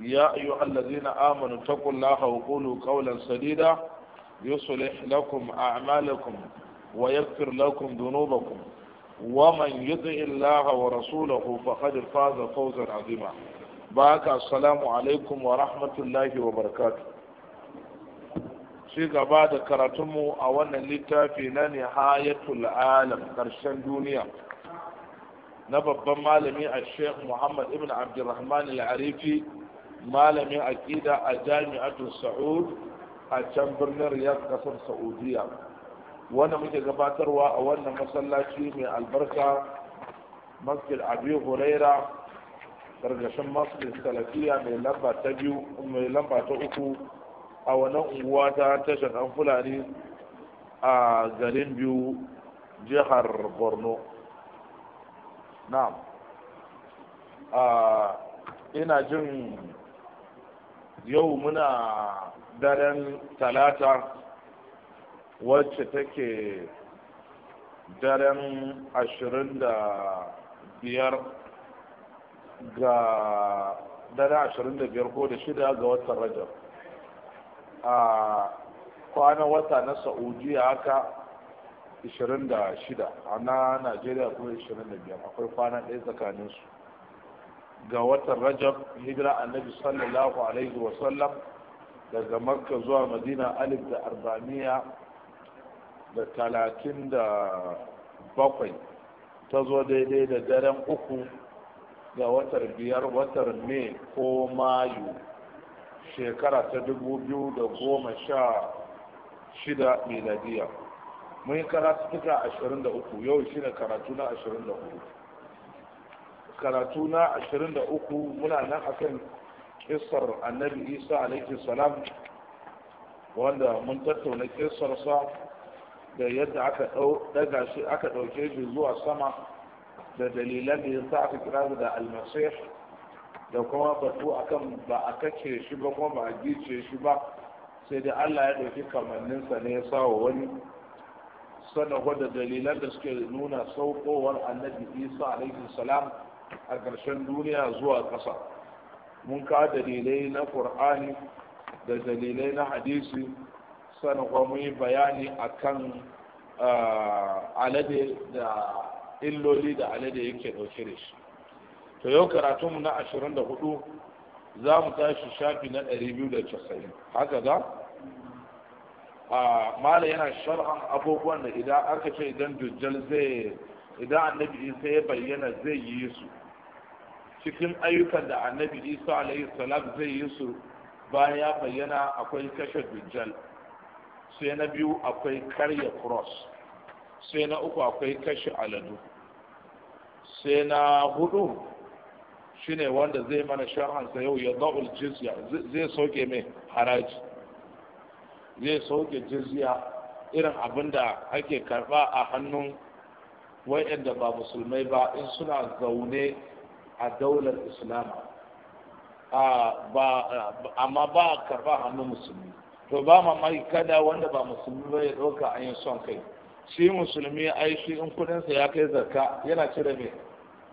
يا أيها الذين آمنوا اتقوا الله وقولوا قولا سديدا يصلح لكم أعمالكم ويغفر لكم ذنوبكم ومن يطع الله ورسوله فقد فاز فوزا عظيما باك السلام عليكم ورحمة الله وبركاته شيخ بعد كرتمو أولا لتافينا نهاية العالم كرشان دنيا نبقى مالمي الشيخ محمد ابن عبد الرحمن العريفي malamin aƙida a jami'atu sa'ud a can birnin riyadh kasar saudiya wanda muke gabatarwa a wannan masallaci mai albarka masjid abi huraira gargashin masjid salafiya mai lamba ta biyu mai lamba ta uku a wannan unguwa ta tashar an fulani a garin biyu jihar borno na'am ah, ina jin yau muna daren talata wacce take daren ashirin da biyar ga daren ashirin da biyar ko da shida ga watan rajab a kwanan wata na saudiya haka ashirin da shida, a na najeriya kuma biyar. akwai kwana ɗaya tsakaninsu ga watan rajab hijira annabi sallallahu alaihi wa sallam daga makka zuwa madina alif da arbaniya da talatin da bakwai ta zo daidai da daren uku ga watar biyar watar mai ko mayu shekara ta dubu biyu da goma sha shida miladiya mun yi karatu tuka ashirin da uku yau shi ne karatu na ashirin da uku. karatu na 23 muna nan akan kisar annabi isa alaihi salam wanda mun tattauna kisarsa da yadda aka daga shi aka dauke shi zuwa sama da dalilan da sa aka kira da almasih da kuma batu akan ba a kace shi ba kuma ba a gice shi ba sai dai Allah ya dauki kamanninsa ne ya sawa wani sannan da dalilan da suke nuna saukowar annabi isa alaihi salam a ƙarshen duniya zuwa ƙasa mun ka dalilai na ƙur'ani da dalilai na hadisi sannan kuma mun yi bayani kan alade da illoli da alade yake ɗauke da shi to yau karatunmu na ashirin da hudu za mu tashi shafi na ɗari biyu da casa'in haka za mala yana sharhan abubuwan da idan aka ce idan dujjal zai idan annabi sai ya bayyana zai yi su cikin ayyukan da annabi isa alayhi salam zai yi su bayan ya bayyana akwai kashe dujjal sai na biyu akwai karya cross sai na uku akwai kashe aladu sai na hudu shine wanda zai mana sharhansa yau ya da'ul jizya zai sauke mai haraji zai sauke jizya irin abin da ake karba a hannun wa'yanda ba musulmai ba in suna zaune a daular islam amma ba a karba hannun musulmi to ba mamaki kada wanda ba musulmi ba ya ɗauka an yi son kai shi musulmi ai shi in kudinsa ya kai zakka yana cire mai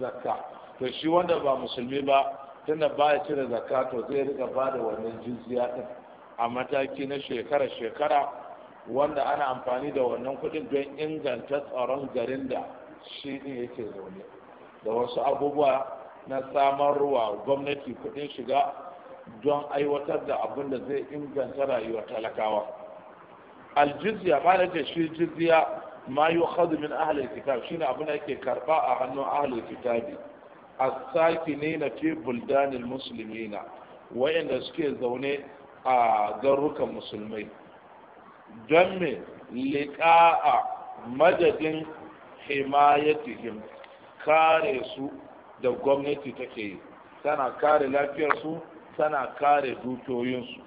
zakka to shi wanda ba musulmi ba tunda ba ya cire zakka to zai riga ba da wannan jizya din a mataki na shekara-shekara wanda ana amfani da wannan kudin don inganta tsaron garin da shi ne yake zaune da wasu abubuwa na samarwa gwamnati kuɗin shiga don aiwatar da abin da zai inganta rayuwar talakawa aljizya ba da shi jizya ma yi khadu min ahalin kitab ne abin da ke karba a hannun ahalin kitabi ne na fi buldanin musulmi na wayanda suke zaune a garurukan musulmai don me liƙa'a madadin himayatihim kare su da gwamnati take yi tana kare lafiyarsu tana kare dukiyoyinsu